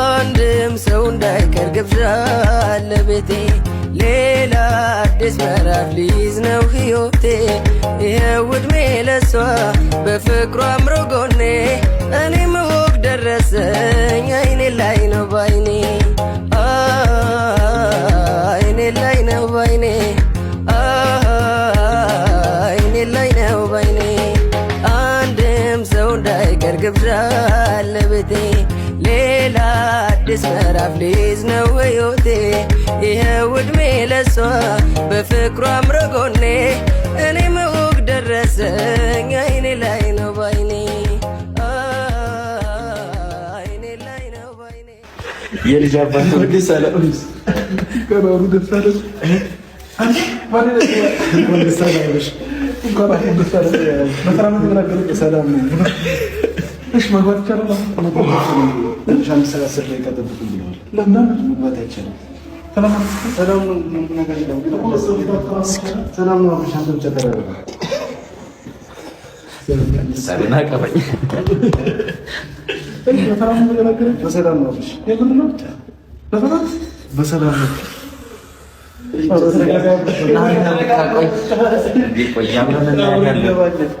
አንድም ሰው እንዳይቀር ግብዣ ቤቴ። ሌላ አዲስ ምዕራፍ ሊይዝ ነው ሕይወቴ። ይኸው ዕድሜ ለሷ በፍቅሩ አምሮ ጎኔ እኔ እወቅ ደረሰኝ አይኔ ላይ ነው ባይኔ አይኔ ላይ ነው ባይኔ ክብራ ለቤቴ ሌላ አዲስ ምዕራፍ ሊይዝ ነው ሕይወቴ ይኸው ዕድሜ ለሷ በፍቅሯ አምረጎኔ እኔም እውቅ ደረሰኝ አይኔ ላይ ነው ባይኔ የልጅ አባት ሰላም እሺ መግባት ይቻላል። በሰላም ነው። በሰላም ነው።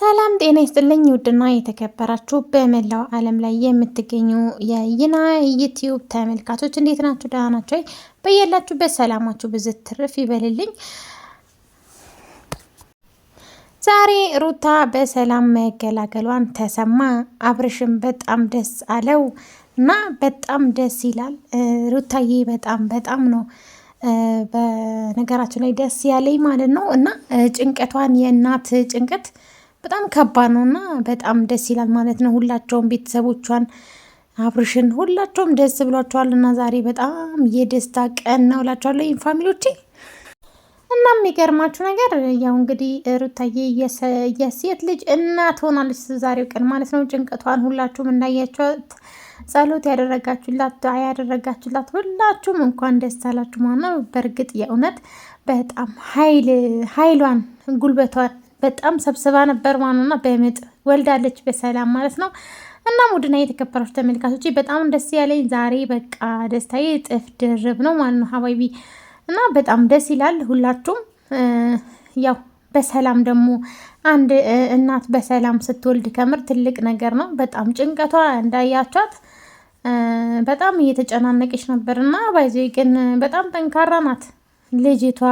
ሰላም ጤና ይስጥልኝ። ውድና የተከበራችሁ በመላው ዓለም ላይ የምትገኙ የይና ዩቲዩብ ተመልካቾች እንዴት ናችሁ? ደህና ናችሁ? በያላችሁበት ሰላማችሁ ብዝት ትርፍ ይበልልኝ። ዛሬ ሩታ በሰላም መገላገሏን ተሰማ። አብርሽም በጣም ደስ አለው እና በጣም ደስ ይላል። ሩታዬ በጣም በጣም ነው በነገራችን ላይ ደስ ያለኝ ማለት ነው እና ጭንቀቷን የእናት ጭንቀት በጣም ከባድ ነው እና በጣም ደስ ይላል ማለት ነው። ሁላቸውም ቤተሰቦቿን አብርሽን ሁላቸውም ደስ ብሏቸዋል እና ዛሬ በጣም የደስታ ቀን ነው እላቸዋለሁ ፋሚሊዎቼ። እና የሚገርማችሁ ነገር ያው እንግዲህ ሩታዬ የሴት ልጅ እናት ሆናለች ዛሬው ቀን ማለት ነው። ጭንቀቷን ሁላችሁም እንዳያቸዋት ጸሎት ያደረጋችሁላት ያደረጋችሁላት ሁላችሁም እንኳን ደስ አላችሁ ማለት ነው። በእርግጥ የእውነት በጣም ኃይል ኃይሏን ጉልበቷን በጣም ሰብስባ ነበር ማኑና በምጥ ወልዳለች በሰላም ማለት ነው። እናም ውድና የተከበራችሁ ተመልካቾች በጣም ደስ ያለኝ ዛሬ በቃ ደስታዬ እጥፍ ድርብ ነው ማለት ነው ሀባይቢ እና በጣም ደስ ይላል። ሁላችሁም ያው በሰላም ደግሞ አንድ እናት በሰላም ስትወልድ ከምር ትልቅ ነገር ነው። በጣም ጭንቀቷ እንዳያቻት በጣም እየተጨናነቀች ነበር እና ባይዘ ግን በጣም ጠንካራ ናት ልጅቷ።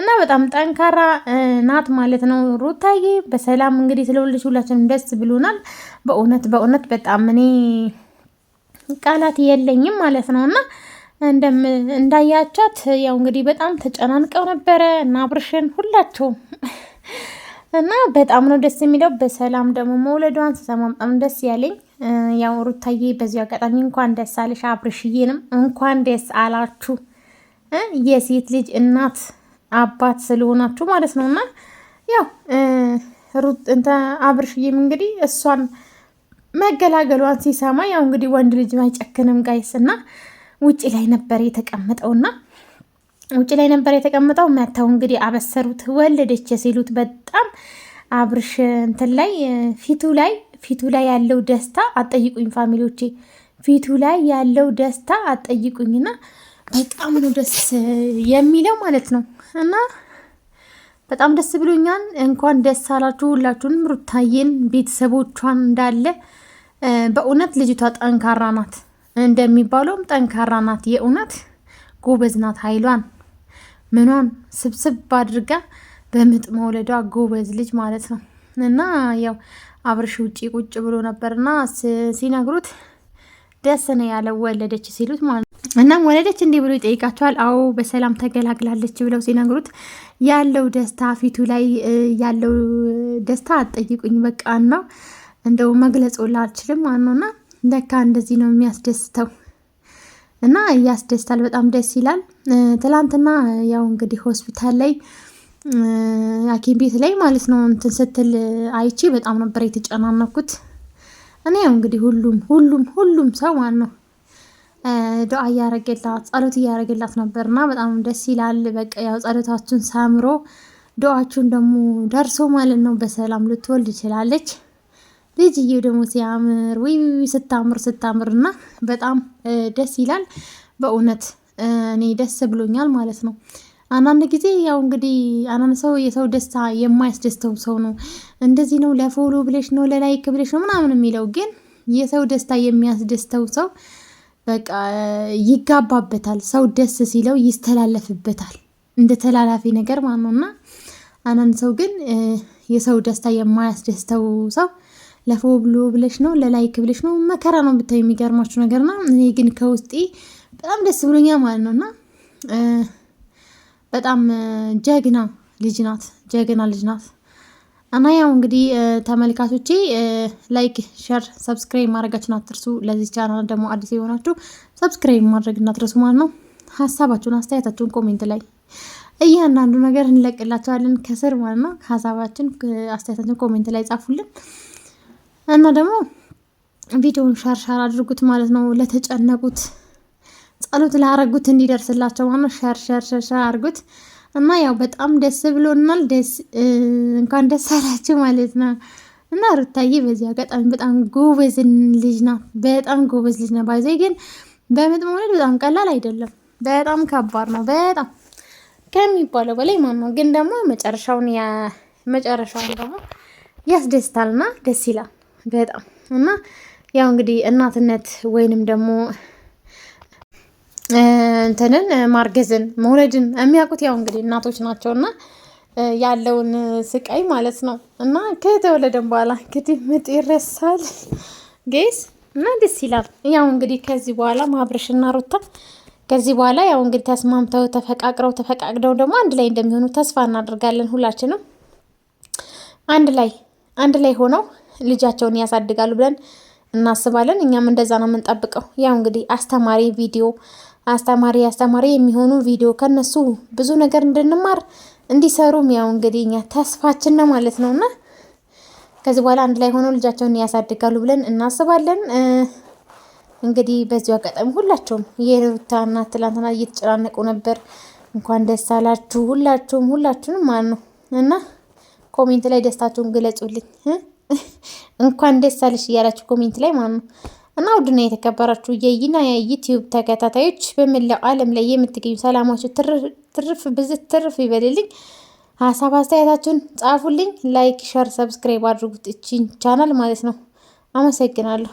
እና በጣም ጠንካራ ናት ማለት ነው ሩታዬ። በሰላም እንግዲህ ስለወለደች ሁላችንም ደስ ብሎናል። በእውነት በእውነት በጣም እኔ ቃላት የለኝም ማለት ነው እና እንዳያቻት ያው እንግዲህ በጣም ተጨናንቀው ነበረ እና አብርሽን ሁላቸውም እና በጣም ነው ደስ የሚለው በሰላም ደግሞ መውለዷን ስሰማ በጣም ደስ ያለኝ። ያው ሩታዬ በዚሁ አጋጣሚ እንኳን ደስ አለሽ፣ አብርሽዬንም እንኳን ደስ አላችሁ የሴት ልጅ እናት አባት ስለሆናችሁ ማለት ነው። እና ያው ሩጥ አብርሽዬም እንግዲህ እሷን መገላገሏን ሲሰማ ያው እንግዲህ ወንድ ልጅ አይጨክንም ጋይስ። እና ውጭ ላይ ነበር እና ውጭ ላይ ነበር የተቀመጠው። መተው እንግዲህ አበሰሩት። ወለደች ሲሉት በጣም አብርሽ እንትን ላይ ፊቱ ላይ ፊቱ ላይ ያለው ደስታ አጠይቁኝ ፋሚሊዎቼ፣ ፊቱ ላይ ያለው ደስታ አጠይቁኝና በጣም ነው ደስ የሚለው ማለት ነው እና በጣም ደስ ብሎኛል። እንኳን ደስ አላችሁ ሁላችሁንም። ሩታዬን ቤተሰቦቿን እንዳለ በእውነት ልጅቷ ጠንካራ ናት፣ እንደሚባለውም ጠንካራ ናት። የእውነት ጎበዝ ናት። ኃይሏን ምኗን ስብስብ አድርጋ በምጥ መውለዷ ጎበዝ ልጅ ማለት ነው እና ያው አብርሽ ውጭ ቁጭ ብሎ ነበርና ሲነግሩት ደስ ነው ያለው ወለደች ሲሉት ማለት ነው። እናም ወለደች እንዲህ ብሎ ይጠይቃቸዋል። አዎ በሰላም ተገላግላለች ብለው ሲነግሩት ያለው ደስታ ፊቱ ላይ ያለው ደስታ አጠይቁኝ በቃ እና እንደው መግለጽ አልችልም። ዋናውና ለካ እንደዚህ ነው የሚያስደስተው እና እያስደስታል። በጣም ደስ ይላል። ትላንትና ያው እንግዲህ ሆስፒታል ላይ ሐኪም ቤት ላይ ማለት ነው እንትን ስትል አይቼ በጣም ነበር የተጨናነኩት። እኔ ያው እንግዲህ ሁሉም ሁሉም ሁሉም ሰው ማን ነው ዱዓ እያረገላት ጸሎት እያረገላት ነበርና በጣም ደስ ይላል። በቃ ያው ጸሎታችሁን ሰምሮ ዱዓችሁን ደግሞ ደርሶ ማለት ነው በሰላም ልትወልድ ይችላለች። ልጅዬው ደግሞ ሲያምር ወይ ስታምር ስታምር እና በጣም ደስ ይላል። በእውነት እኔ ደስ ብሎኛል ማለት ነው። አንዳንድ ጊዜ ያው እንግዲህ አንዳንድ ሰው የሰው ደስታ የማያስደስተው ሰው ነው። እንደዚህ ነው ለፎሎ ብለሽ ነው ለላይክ ብለሽ ነው ምናምን የሚለው ግን የሰው ደስታ የሚያስደስተው ሰው በቃ ይጋባበታል። ሰው ደስ ሲለው ይስተላለፍበታል እንደ ተላላፊ ነገር ማለት ነው እና አንዳንድ ሰው ግን የሰው ደስታ የማያስደስተው ሰው ለፎ ብሎ ብለሽ ነው ለላይክ ብለሽ ነው መከራ ነው ብታ የሚገርማችሁ ነገር ና እኔ ግን ከውስጤ በጣም ደስ ብሎኛ ማለት ነው እና በጣም ጀግና ልጅ ናት። ጀግና ልጅ ናት። እና ያው እንግዲህ ተመልካቾቼ ላይክ፣ ሸር፣ ሰብስክራይብ ማድረጋችሁን አትርሱ። ለዚህ ቻናል ደግሞ አዲስ የሆናችሁ ሰብስክራይብ ማድረግ እናትርሱ ማለት ነው። ሀሳባችሁን አስተያየታችሁን ኮሜንት ላይ እያንዳንዱ ነገር እንለቅላቸዋለን ከስር ማለት ነው። ሀሳባችን አስተያየታችን ኮሜንት ላይ ጻፉልን እና ደግሞ ቪዲዮውን ሻር ሻር አድርጉት ማለት ነው። ለተጨነቁት ጸሎት ላረጉት እንዲደርስላቸው ማለት ነው። ሻር አድርጉት። እና ያው በጣም ደስ ብሎናል። ደስ እንኳን ደስ አላችሁ ማለት ነው። እና ሩታዬ በዚህ አጋጣሚ በጣም ጎበዝ ልጅ ናት። በጣም ጎበዝ ልጅ ናት። ባይዘ ግን በምጥ መውለድ በጣም ቀላል አይደለም። በጣም ከባድ ነው። በጣም ከሚባለው በላይ ማን ነው። ግን ደግሞ መጨረሻውን መጨረሻውን ደግሞ ያስደስታልና ደስ ይላል በጣም እና ያው እንግዲህ እናትነት ወይንም ደግሞ እንትንን ማርገዝን መውለድን የሚያውቁት ያው እንግዲህ እናቶች ናቸው እና ያለውን ስቃይ ማለት ነው። እና ከተወለደን በኋላ እንግዲህ ምጥ ይረሳል ጌስ እና ደስ ይላል። ያው እንግዲህ ከዚህ በኋላ እና ሩታ ከዚህ በኋላ ያው እንግዲህ ተስማምተው ተፈቃቅረው ተፈቃቅደው ደግሞ አንድ ላይ እንደሚሆኑ ተስፋ እናደርጋለን። ሁላችንም አንድ ላይ አንድ ላይ ሆነው ልጃቸውን ያሳድጋሉ ብለን እናስባለን። እኛም እንደዛ ነው የምንጠብቀው። ያው እንግዲህ አስተማሪ ቪዲዮ አስተማሪ አስተማሪ የሚሆኑ ቪዲዮ ከነሱ ብዙ ነገር እንድንማር እንዲሰሩም ያው እንግዲህ እኛ ተስፋችን ነው ማለት ነው እና ከዚህ በኋላ አንድ ላይ ሆነው ልጃቸውን ያሳድጋሉ ብለን እናስባለን። እንግዲህ በዚሁ አጋጣሚ ሁላቸውም የሩታ እናት ትላንትና እየተጨናነቁ ነበር። እንኳን ደስ አላችሁ ሁላችሁም ሁላችሁንም ማን ነው እና ኮሜንት ላይ ደስታችሁን ግለጹልኝ። እንኳን ደስ አለሽ እያላችሁ ኮሜንት ላይ ማን ነው እና ውድና የተከበራችሁ የይና የዩቲዩብ ተከታታዮች በመላው ዓለም ላይ የምትገኙ ሰላማችሁ ትርፍ ብዝት ትርፍ ይበልልኝ። ሀሳብ አስተያየታችሁን ጻፉልኝ። ላይክ፣ ሸር፣ ሰብስክራይብ አድርጉት እቺን ቻናል ማለት ነው። አመሰግናለሁ።